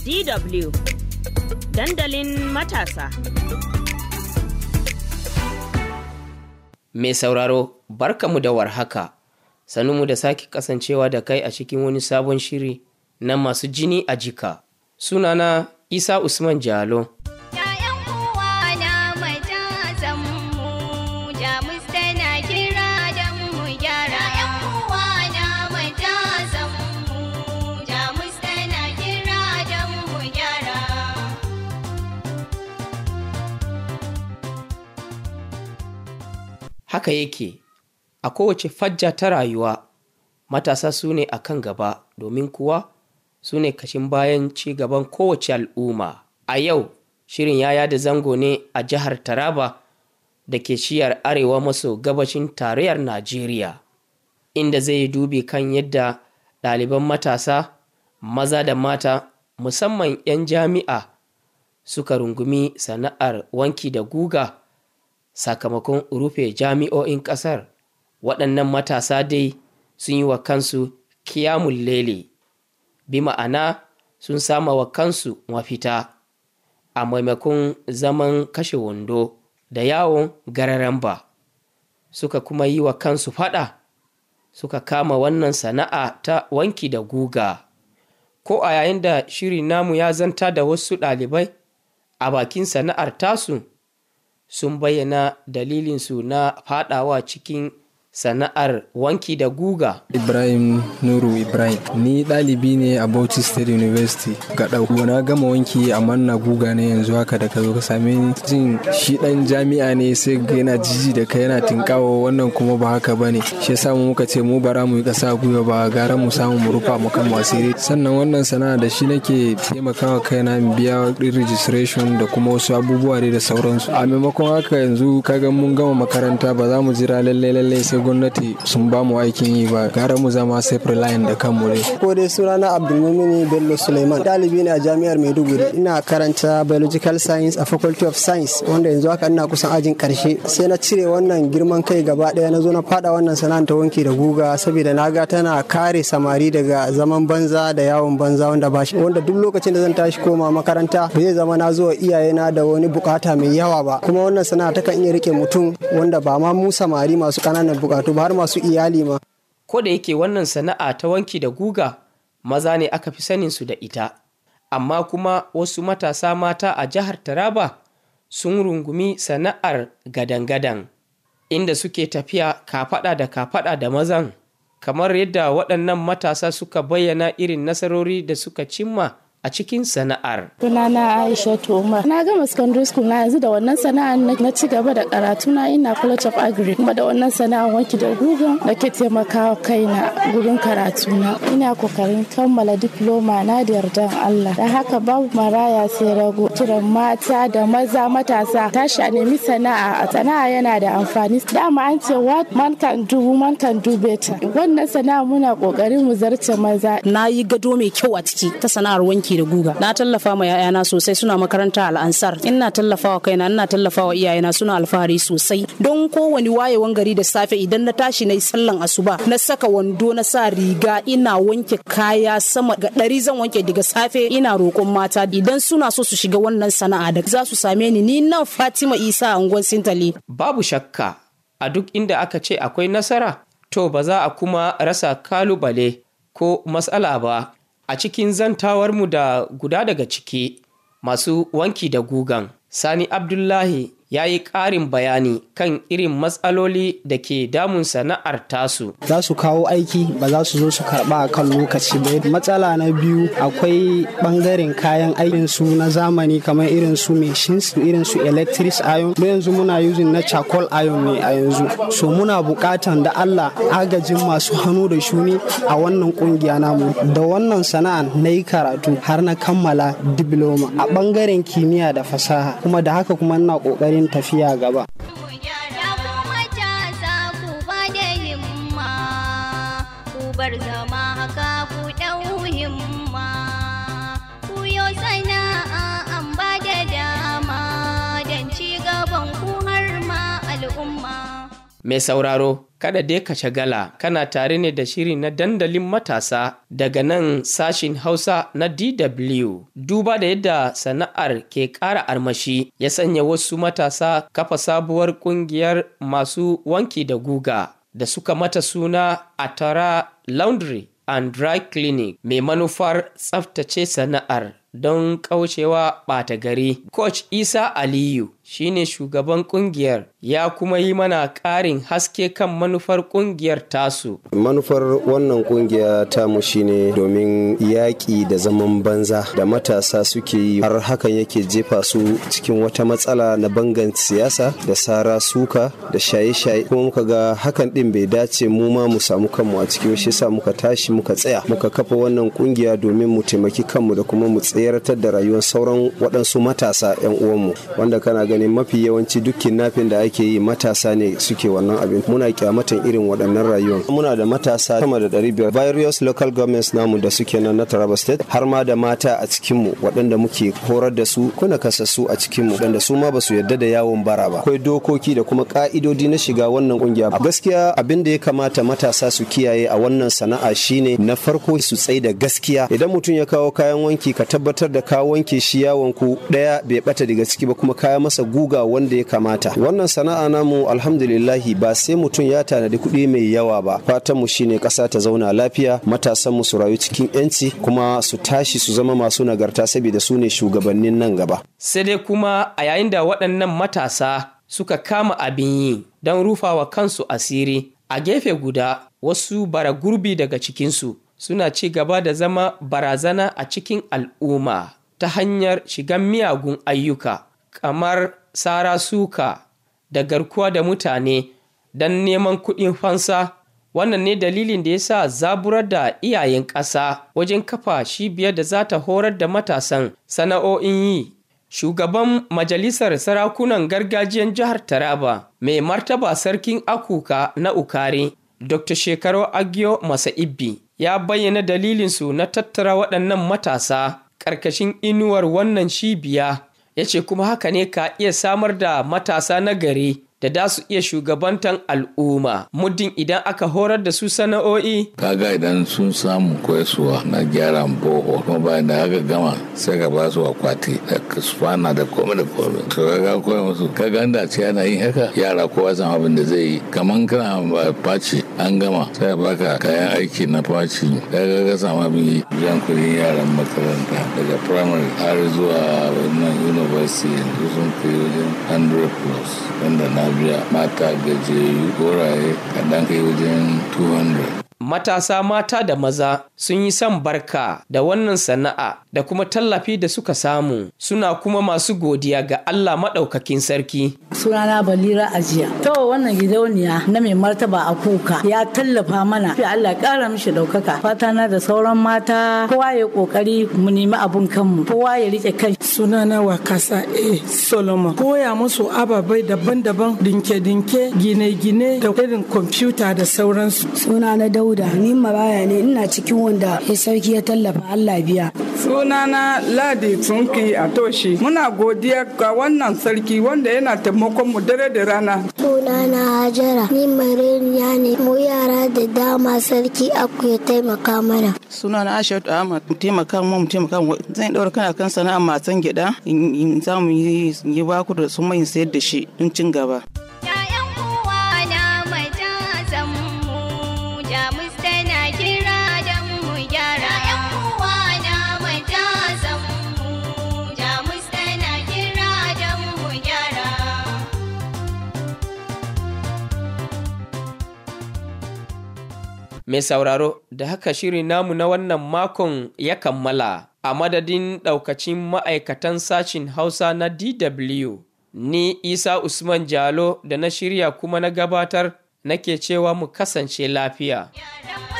DW dandalin matasa. Mai sauraro, barka mu da warhaka, mu da sake kasancewa da kai a cikin wani sabon shiri na masu jini a jika. Sunana Isa Usman Jalo. Haka yake, a kowace fajja ta rayuwa, matasa su ne a kan gaba domin kuwa su ne kashin bayan ci gaban kowace al'umma. A yau, shirin yaya da zango ne a jihar Taraba da ke shiyar arewa maso gabashin tarayyar Najeriya, inda zai yi dubi kan yadda ɗaliban matasa, maza da mata, musamman 'yan jami'a, suka rungumi sana'ar wanki da guga. sakamakon rufe jami'o'in ƙasar waɗannan matasa dai sun yi wa kansu kiyamun lele bi ma'ana sun sama wa kansu mafita a maimakon zaman kashe wando da yawon gararan ba suka kuma yi wa kansu fada suka kama wannan sana'a ta wanki da guga ko a yayin da shirin namu ya zanta da wasu ɗalibai a bakin sana'ar tasu sun bayyana dalilinsu na faɗawa cikin sana'ar wanki da guga. Ibrahim Nuru Ibrahim ni ɗalibi ne a Bauchi State University ga ɗauku na gama wanki amma na guga ne yanzu haka da ka ka same ni jin shi ɗan jami'a ne sai yana jiji da kai yana tinkawa wannan kuma ba haka ba ne shi yasa mu muka ce mu bara mu yi ƙasa gwiwa ba gara mu samu mu rufa mu kan wasiri sannan wannan sana'a da shi nake taimakawa kaina na biya registration da kuma wasu abubuwa ne da sauransu a maimakon haka yanzu ka ga mun gama makaranta ba za mu jira lalle lalle sai gwamnati sun ba mu aikin yi ba gara mu zama self reliant da kanmu dai ko dai sunana abdulmumini bello suleiman dalibi ne a jami'ar maiduguri ina karanta biological science a faculty of science wanda yanzu haka ina kusan ajin karshe sai na cire wannan girman kai gaba daya na zo na fada wannan sana'ar ta wanki da guga saboda na ga tana kare samari daga zaman banza da yawon banza wanda ba shi wanda duk lokacin da zan tashi koma makaranta ba zai zama na zo wa iyayena da wani bukata mai yawa ba kuma wannan sana'a takan iya rike mutum wanda ba ma mu samari masu kananan bukatu ba har masu iyali ma ko da yake wannan sana'a ta wanki da guga maza ne aka fi sanin su da ita amma kuma wasu matasa mata a jihar taraba sun rungumi sana'ar gadan-gadan inda suke tafiya kafada da kafada da mazan kamar yadda waɗannan matasa suka bayyana irin nasarori da suka cimma a cikin sana'ar. Sunana Aisha Umar. Na gama secondary school na yanzu da wannan sana'ar na ci gaba da karatu na ina College of Agri kuma da wannan sana'ar wanki da gugu da ke taimakawa kaina gurin karatu na. Ina kokarin kammala diploma na da yardan Allah. Da haka babu maraya sai rago. Kiran mata da maza matasa tashi a nemi sana'a. A sana'a yana da amfani. Dama an ce what man can do woman can do better. Wannan sana'a muna kokarin mu zarce maza. Na yi gado mai kyau a ciki ta sana'ar wanki aiki da guga na tallafa ma yayana sosai suna makaranta al'ansar ina tallafawa kaina ina tallafawa iyayena suna alfahari sosai don kowane wayewan gari da safe idan na tashi na yi sallan asuba na saka wando na sa riga ina wanke kaya sama ga ɗari zan wanke daga safe ina roƙon mata idan suna so su shiga wannan sana'a da za su same ni ni nan Fatima Isa angon Sintali babu shakka a duk inda aka ce akwai nasara to ba za a kuma rasa kalubale ko matsala ba a cikin zantawarmu da guda daga ciki masu wanki da gugan sani abdullahi ya yi ƙarin bayani kan irin matsaloli da ke damun sana'ar tasu. Za su kawo aiki ba za su zo su karɓa a kan lokaci ba. Matsala na biyu akwai ɓangaren kayan aikin su na zamani kamar irin su machines irin su electric iron. Mu yanzu muna yuzin na charcoal iron ne a yanzu. So muna buƙatan da Allah agajin masu hannu da shuni a wannan ƙungiya namu. Da wannan sana'an na yi karatu har na kammala diploma a ɓangaren kimiyya da fasaha. Kuma da haka kuma ina ƙoƙarin yin tafiya gaba. bar zama. Mai sauraro, kada dai ka shagala kana tare ne da shiri na dandalin matasa daga nan sashin Hausa na DW. Duba da yadda sana'ar ke ƙara armashi ya sanya wasu matasa kafa sabuwar ƙungiyar masu wanki da guga da suka mata suna a tara Laundry and Dry Clinic mai manufar tsaftace sana'ar don kaucewa ɓata gari. Coach Isa Aliyu shine shugaban kungiyar ya kuma yi mana ƙarin haske kan manufar kungiyar tasu. Manufar wannan kungiya mu shine domin yaƙi da zaman banza da matasa suke yi har hakan yake jefa su cikin wata matsala na bangan siyasa da sara suka da shaye-shaye kuma muka ga hakan ɗin bai dace mu ma mu samu kanmu a cikin shi sa muka tashi muka tsaya muka kafa wannan kungiya domin mu taimaki kanmu da kuma mu tsayartar da rayuwar sauran waɗansu matasa 'yan uwanmu wanda kana gani mafi yawanci duk kidnapping da ake yi matasa ne suke wannan abin muna kyamatan irin waɗannan rayuwar muna da matasa sama da ɗari biyar various local governments namu da suke nan na Taraba State har ma da mata a cikinmu waɗanda muke horar da su kuna kasassu a mu waɗanda su ma ba su yarda da yawon bara ba akwai dokoki da kuma ka'idodi na shiga wannan kungiya gaskiya abin da ya kamata matasa su kiyaye a wannan sana'a shine na farko su tsai da gaskiya idan mutum ya kawo kayan wanki ka tabbatar da ka wanke shi yawon ku ɗaya bai bata daga ciki ba kuma kaya masa guga wanda ya kamata wannan sana'a namu alhamdulillahi ba sai mutum ya tanadi kuɗi mai yawa ba fatan mu shine ƙasa ta zauna lafiya matasan mu su rayu cikin yanci kuma su tashi su zama masu nagarta saboda su ne shugabannin nan gaba sai dai kuma a yayin da waɗannan matasa suka kama abin yi don rufawa kansu asiri a gefe guda wasu bara gurbi daga cikinsu suna ci gaba da zama barazana a cikin al'umma ta hanyar shigan miyagun ayyuka kamar tsara suka da garkuwa da mutane don neman kuɗin fansa wannan ne dalilin da ya sa zaburar da iyayen ƙasa wajen kafa cibiyar da za ta horar da matasan sana'o'in yi shugaban majalisar sarakunan gargajiyar jihar taraba mai martaba sarkin akuka na ukare dr shekaru masa ibi ya bayyana dalilinsu na tattara waɗannan matasa ƙarƙashin inuwar wannan cibiya ya ce kuma haka ne ka iya samar da matasa nagari da da su iya shugabantan al'umma muddin idan aka horar da su sana'o'i kaga idan sun samu koyaswa na gyaran boho kuma bayan da aka gama sai ka ba su akwati da kasfana da komai da komai to kaga koya musu kaga inda ce yana yin haka yara kowa san abin da zai yi kaman kana face an gama sai baka kayan aiki na faci daga ga sama bi biyan kudin yaran makaranta daga primary har zuwa wannan university yanzu sun kai wajen 100 plus wanda na biya mata gajeyu goraye kaɗan kai wajen 200 matasa mata da maza sun yi son barka da wannan sana'a da kuma tallafi da suka samu suna kuma masu godiya ga Allah maɗaukakin sarki. Sunana Balira Ajiya. To wannan gidauniya na mai martaba a kuka ya tallafa mana fi Allah ƙara mishi ɗaukaka. Fata na da sauran mata kowa ya ƙoƙari mu nemi abun kanmu kowa ya riƙe kai. Sunana kasa e Solomon. Koya musu ababai daban-daban dinke-dinke gine-gine da irin kwamfuta da sauransu. Sunana Dauda. da ni maraya ne ina cikin wanda ya sarki ya tallafa Allah biya. Sunana Ladi Tsunki a toshi muna godiya ga wannan sarki wanda yana taimakon mu dare da rana. Sunana Hajara ni mareniya ne mu yara da dama sarki aku ya taimaka mana. Sunana Ashatu Ahmad mu taimaka mu mu taimaka mu zan daura kana kan sana'a matan gida in samu yi ku da su mai sayar da shi don cin gaba. Mai sauraro da haka shirin namu na wannan makon ya kammala a madadin ɗaukacin ma'aikatan sashin Hausa na DW. Ni Isa Usman Jalo da na shirya kuma na gabatar nake cewa mu kasance lafiya. Yeah,